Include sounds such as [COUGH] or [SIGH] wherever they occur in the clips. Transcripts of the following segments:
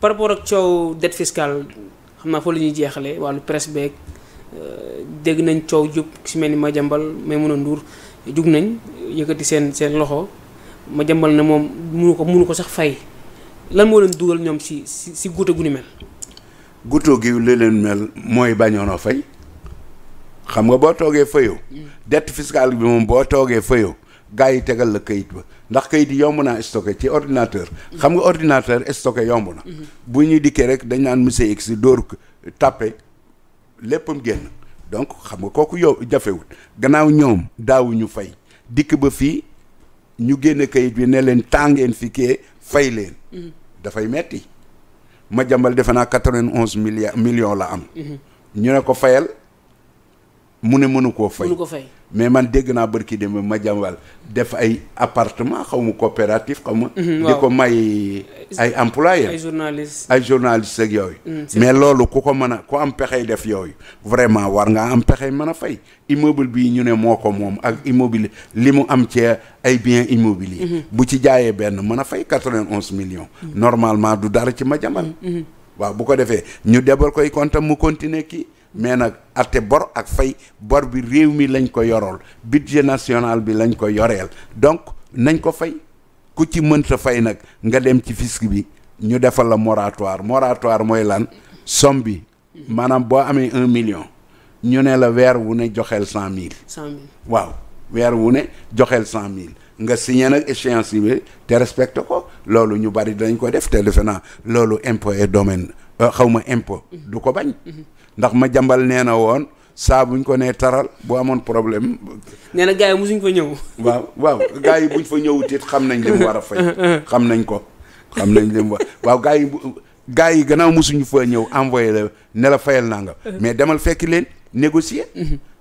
par rapport ak coow dette fiscale xam naa fa la ñuy jeexale wàllu presse beeg euh, dégg nañ coow jub si mel ni ma Madiambal Maimouna nduur jug nañ yëkkati seen seen loxo Madiambal na moom munu ko ko sax fay lan moo leen dugal ñoom si si si guute gu ni mel. guto gi li leen mel mooy bañoonoo fay xam nga boo toogee fayoo hmm. dette fiscale bi moom boo toogee fayoo gars yi tegal la kayit ba ndax kayit yi yomb naa stocké ci ordinateur. xam nga ordinateur stocké yomb na. bu ñuy dikkee rek dañ naan monsieur X dóor tàppe léppam génn donc xam nga kooku yo jafewul gannaaw ñoom daawuñu fay dikk ba fii ñu génn kayit bi ne leen tàngeen fi kee fay leen. dafay metti ma jambal defe naa quatre-vingt-onze milliards la am. Mhm. ñu ne ko fayal mu ne mënu koo fay. mënu ko fay mais man dégg naa bërki demee ma jàmbal def ay appartement xaw ma coopérative xaw ma. Mhm, di ko may ay employés. ay journalistes ay journalistes ak yooyu. Mm, mais loolu ku ko mën a ku am pexey def yooyu vraiment war ngaa am pexey mën a fay immeuble bii ñu ne moo ko moom ak immobile li mu am ci ay biens immobiliers. Mhm. bu ci jaayee benn mën a fay quatre-vingt-onze million mhm. normalement du dara ci ma jàmbal. waaw bu ko defee ñu debal koy compte mu continuer kii. mais nag atte bor ak fay bor bi réew mi lañ ko yorool budget nationale bi lañ ko yoreel donc nañ ko fay ku ci mënta fay nag nga dem ci fisc bi ñu defal la moratoire moratoire mooy lan somme bi maanaam boo amee un million ñu ne la weer wu ne joxeel cent mille cent waaw weer wu ne joxeel cent mille nga signé nag échéance yi te respecté ko loolu ñu bari dañ ko def te defe naa loolu impôt et domaine euh, xaw ma impôt du ko bañ mm-hmm. ndax ma jambal nee na woon saa bu buñ ko nee taral bu amoon problème. nee na mosuñ yi fa ñëw. waaw waaw gars yi buñ fa ñëwut it xam nañ li war a fay. xam nañ ko xam nañ li mu waaw gars yi gars yi gannaaw mosuñu fa ñëw envoyé la ne la fayal nangam. mais demal fekk leen négocier.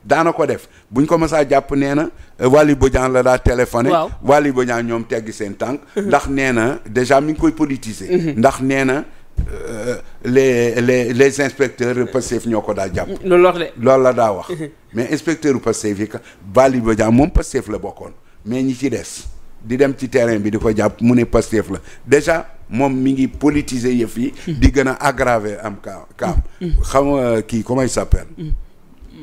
daana ko def buñ ko mësaa jàpp nee na euh, Waly Bodian la daa téléphoné Waly Bodian ñoom teggi seen tànk ndax nee na déjà mi ngi koy politiser ndax nee na Euh, les les les inspecteurs Pastef ñoo ko daa jàpp. loolu wax de. loolu la daa wax. mais inspecteur Pastef yi ka Baliba Dia moom Pastef la bokkoon mais ñi ci des di dem ci terrain bi di ko jàpp mu ne Pastef la déjà moom mi ngi politiser yëf yi. di gën a aggraver am kaam. Mm. xam kii comment il s'appelle. Mm.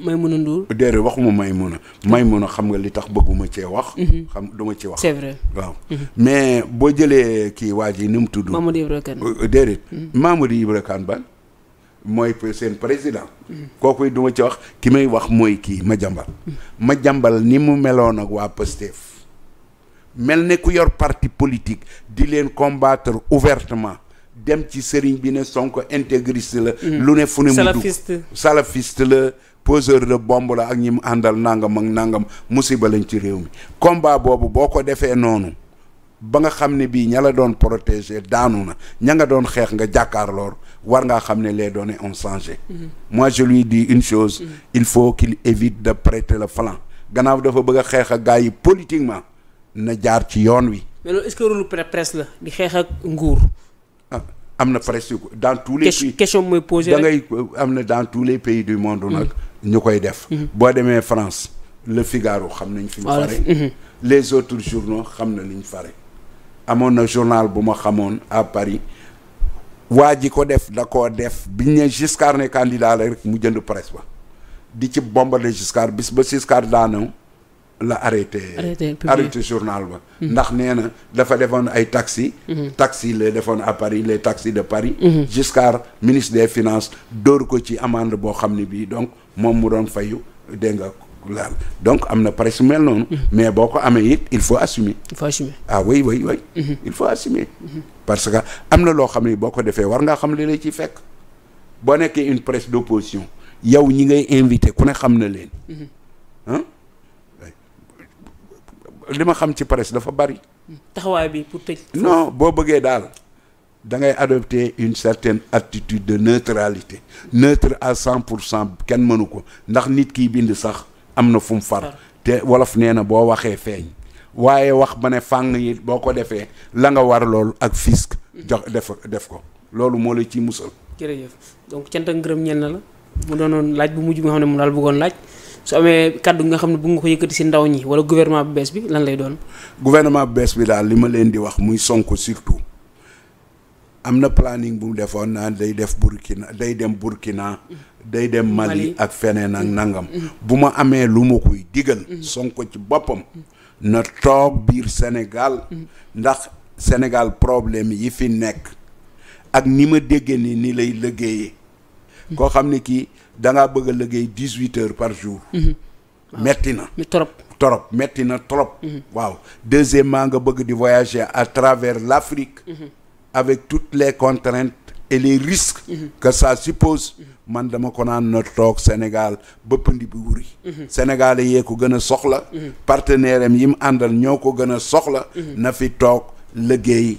may a Ndour. déedéet waxuma may a Maïmouna Maïmouna xam nga li tax bëgguma cee wax. Mhm. xam duma ma ci wax. c'est waaw. Mhm. mais boo jëlee kii waa ji ni mu tudd. Mamadou Ibra Kane euh, euh, déedéet. Mhm. Mamadou Ibra ban mooy seen président. kooku du ma ci wax ki may wax mooy kii ma ma jàmbal ni mu meloon ak waa Pastef mel ne ku yor parti politique di leen combattre ouvertement dem ci sëriñ bi ne Sonko intégriste la. Mm. lu ne fu ne mu dugg salafiste la. poseur de bombe la ak ñi mu àndal nangam ak nangam musiba lañ ci réew mi combat boobu boo ko defee noonu ba nga xam ne bi ña la doon protéger daanu na ña nga doon xeex nga jàkkaarloor war nga xam ne les données ont changé. Mm-hmm. moi je lui dis une chose. Mm il faut qu'il évite de prêter la flanc gannaaw dafa bëgg xeex ak gars yi politiquement na jaar ci yoon wi. mais loolu est di xeex ak nguur. am na presque dans tous les pays question mooy posé da am na dans tous les pays du monde nag mhm. ñu koy def mhm. boo demee France Le Figaro xam nañ fi ñu fare mhm. les autres journaux xam na li ñu fare amoon na journal bu ma xamoon à Paris waa ji ko def da koo def biñ ne Giscard ne candidat la rek mu jënd presse ba di ci bombardé Giscard bis ba Giscard daanaw la arrêté arrêté journal ba mhm. ndax nee na dafa defoon ay taxi mhm. taxi la defoon à Paris les taxi de Paris jusqu'à mhm. ministre des finance dóor ko ci amende boo xam ne bii donc moom mu doon fayu dégg nga laal donc am na presse mel noonu mais boo ko amee it il faut assumer il faut assumer ah oui parce que am na loo xam ne boo ko defee war ngaa xam li lay ci fekk boo nekkee une presse d'opposition yow ñi ngay invité ku ne xam na leen li ma xam ci presse dafa bari. taxawaay bi pour tëj. non boo bëggee daal da ngay adopter une certaine attitude de neutralité neutre à cent pour cent kenn mënu ko ndax nit kiy bind sax am na fu mu far. te wolof nee na boo waxee feeñ. waaye wax ba ne fàng yi boo ko defee la nga war lool ak fisc jox def def ko loolu moo la ciy musal. jërëjëf ngërëm ñeel na la mu doonoon laaj bu mujj bi nga xam ne mu daal bëggoon laaj. su amee kàddu nga xam ne bu nga ko yëkkati si ndaw ñi wala gouvernement bu bees bi lan lay doon. gouvernement bu bees bi daal li ma leen di wax muy sonk surtout am na planning bu mu defoon naan day def Burkina day dem Burkina. day dem Mali ak feneen ak mm-hmm. nangam. Mm-hmm. bu ma amee lu ma koy digal. Mm-hmm. Sonko ci boppam. na toog biir Sénégal. ndax Sénégal problème yi fi nekk. ak ni ma déggee ni ni lay liggéeyee. koo xam ne kii da ngaa bëgg liggéey dix huit heures par jour. Mhm. metti na trop. trop metti na trop. Mhm. waaw deuxièmement nga bëgg di voyager à travers l' Afrique. Mhm. avec toutes les contraintes. et les risques que ça suppose man dama ko naan na toog Sénégal bëpp ndi bi wuri Sénégal yee ko gën a soxla partenaire am yi mu àndal ñoo ko gën a soxla na fi toog liggéey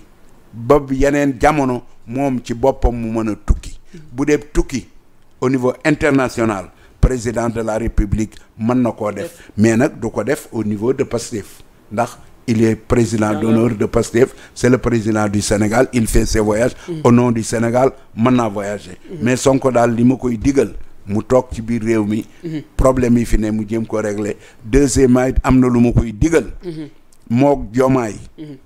ba yeneen jamono moom ci boppam mu mën a tukki bu dee tukki au niveau international président de la république mën na koo def mais nag du ko def au niveau de Pastef ndax il est président d'honneur de Pastef c'est le président du Sénégal il fait ses voyages mm. au nom du Sénégal mën naa voyager mm. mais Sonko daal li ma koy diggal mu toog ci biir réew mi mm-hmm. problème yi fi ne mu jéem ko régler deuxièmement it am na lu ma koy digal mm-hmm. mook Diomaye mm-hmm.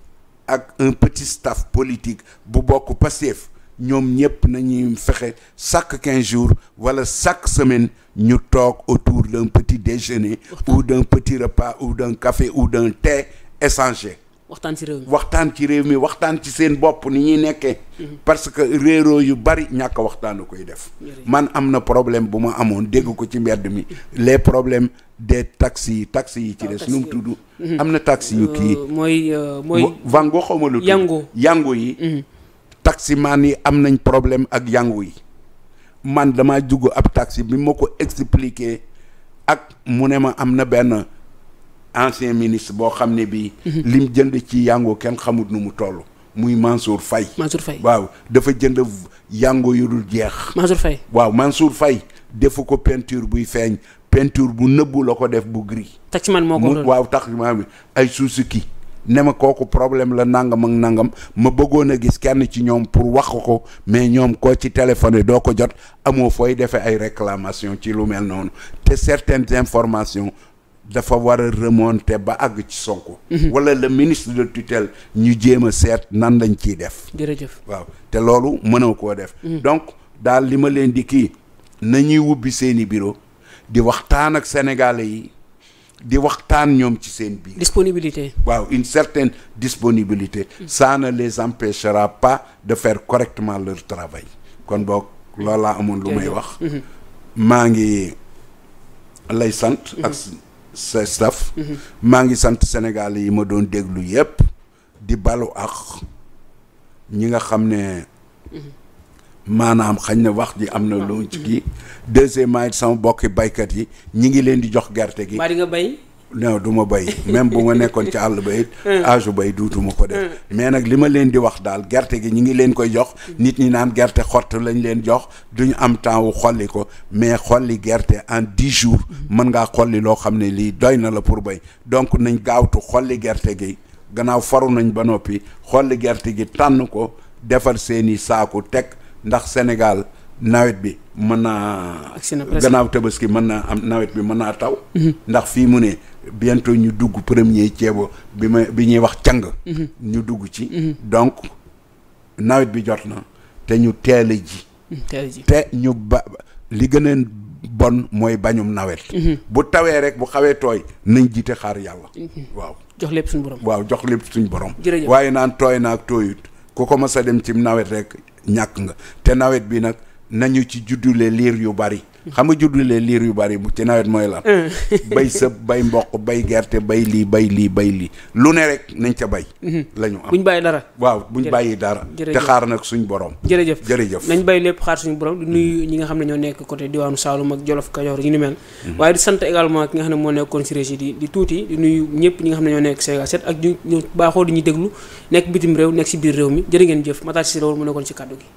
ak un petit staff politique bu bokk Pastef ñoom ñëpp nañuy fexe chaque quinze jours wala chaque semaine ñu toog autour d'un petit déjeuner ou d'un petit repas ou d'un café ou d'un thé échanger waxtaan ci réew mi waxtaan ci réew mi waxtaan ci seen bopp ni ñuy nekkee mhm. parce que réeroo yu bari ñàkk waxtaanu koy def man am na problème bu ma amoon dégg ko ci mbedd mi les problèmes de taxis yi taxi yi ci ah, des nu mu tudd mhm. am na taxi yu kii euh, mooy euh, mooy vango xawma lu tudd yango yi mhm. taximaan yi am nañ problème ak yangu yi man dama jugg ab taxi bi ma ko expliqué ak mu ne ma am na benn ancien ministre boo xam ne bii. Mhm. lim jënd ci yangu kenn xamut nu mu toll. muy Mansour fay Mansour Faye waaw dafa jënd yango yu dul jeex. Mansour Faye waaw Mansour fay defu ko peinture buy feeñ peinture bu nëbbu la ko def bu gris. taximaan moo ko waaw taximaan bi ay Suzuki. ne ma kooku problème la nangam ak nangam ma bëggoon a gis kenn ci ñoom pour wax ko mais ñoom koo ci téléphone doo ko jot amoo fooy defee ay reclamation ci lu mel noonu te certaines information dafa war a remonter ba àgg ci Sonko. Mhm. wala le ministre de tutelle ñu jéem a seet nan lañ ciy def. jërëjëf waaw te loolu mënoo koo def. Mhm. donc daal li ma leen di kii nañuy wubbi seeni bureau di waxtaan ak sénégalais yi. di waxtaan ñoom ci seen biir. disponibilité. waaw une certaine disponibilité. Mmh. les empêchera pas de fair correctement leur travail. kon book loolu amoon lu may wax. Mm-hmm. maa ngi lay sant. Mm-hmm. ak staff. Mm-hmm. maa ngi sant Sénégal yi ma doon déglu yépp di balu ak ñi nga xam ne. maanaam xañ na wax ji am na loo ci kii deuxièmement it sama bokki baykat yi ñi ngi leen di jox gerte gi di nga bay non du ma bay même bu ma nekkoon ci àll ba it aju [LAUGHS] bay duutuma ko def mm. mais nag li ma leen di wax daal gerte gi ñi ngi leen koy jox mm. nit ñi naan gerte xott lañ leen jox duñu am temps wu xolli ko mais xolli gerte en dix jours mm. mën ngaa xolli loo xam ne lii doy na la pour bay donc nañ gaawtu xolli gerte gi gannaaw faru nañ ba noppi xolli gerte gi tànn ko defar seeni saaku teg ndax Sénégal nawet bi mën naa. gannaaw tabaski mën naa am nawet bi mën naa taw. Mhm. ndax fii mu ne bientôt ñu dugg premier ceebo bi ma bi ñuy wax càng. Mhm. ñu dugg ci. Mhm. donc nawet bi jot na te ñu teel a ji. te ñu ba li gën a bon mooy bañum nawet. bu tawee rek bu xawee tooy nañ jiite xaar yàlla. waaw jox lépp suñu borom. waaw jox lépp suñu borom. waaye naan tooy naag tooyut ku ko mas a dem ci nawet rek. ñàkk nga te nawet bi nag nañu ci juddulee liir yu bari xam nga juddulee liir yu bari ci nawet mooy lan euh. [LAUGHS] bay sëb bay mboq bay gerte bay lii bay lii bay lii lu ne rek nañ ca bay mhm. la ñu am buñ bàyyi dara waaw buñ bàyyi dara te xaar nag suñ borom jërëjëf jërëjëf nañ bàyyi lépp xaar suñu borom di mhm. nuyu ñi nga xam ne ñoo nekk côté diwaanu Saloum ak Jolof Kajoor ñu ni mel mhm. waaye di sant également ki nga xam ne moo nekkoon si régie di di tuuti di ñëpp ñi nga xam ne ñoo nekk Sénégal set ak ñu baaxoo di ñuy déglu nekk bitim réew nek si biir réew mi jërë ngeen jëf Matar Cissé Lo mu nekkoon si kàddu gi